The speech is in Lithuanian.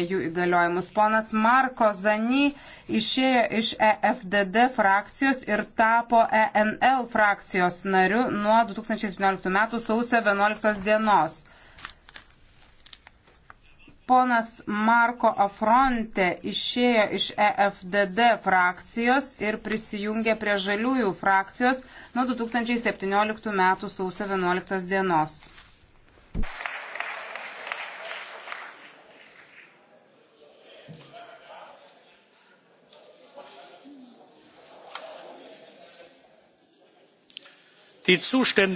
sustiprinsime jų įgaliojimus. Ponas Marko Zany išėjo iš EFDD frakcijos ir tapo ENL frakcijos nariu nuo 2017 m. sausio 11 dienos. Ponas Marko Afronte išėjo iš EFDD frakcijos ir prisijungė prie Žaliųjų frakcijos nuo 2017 m. sausio 11 dienos. die zuständigen behörden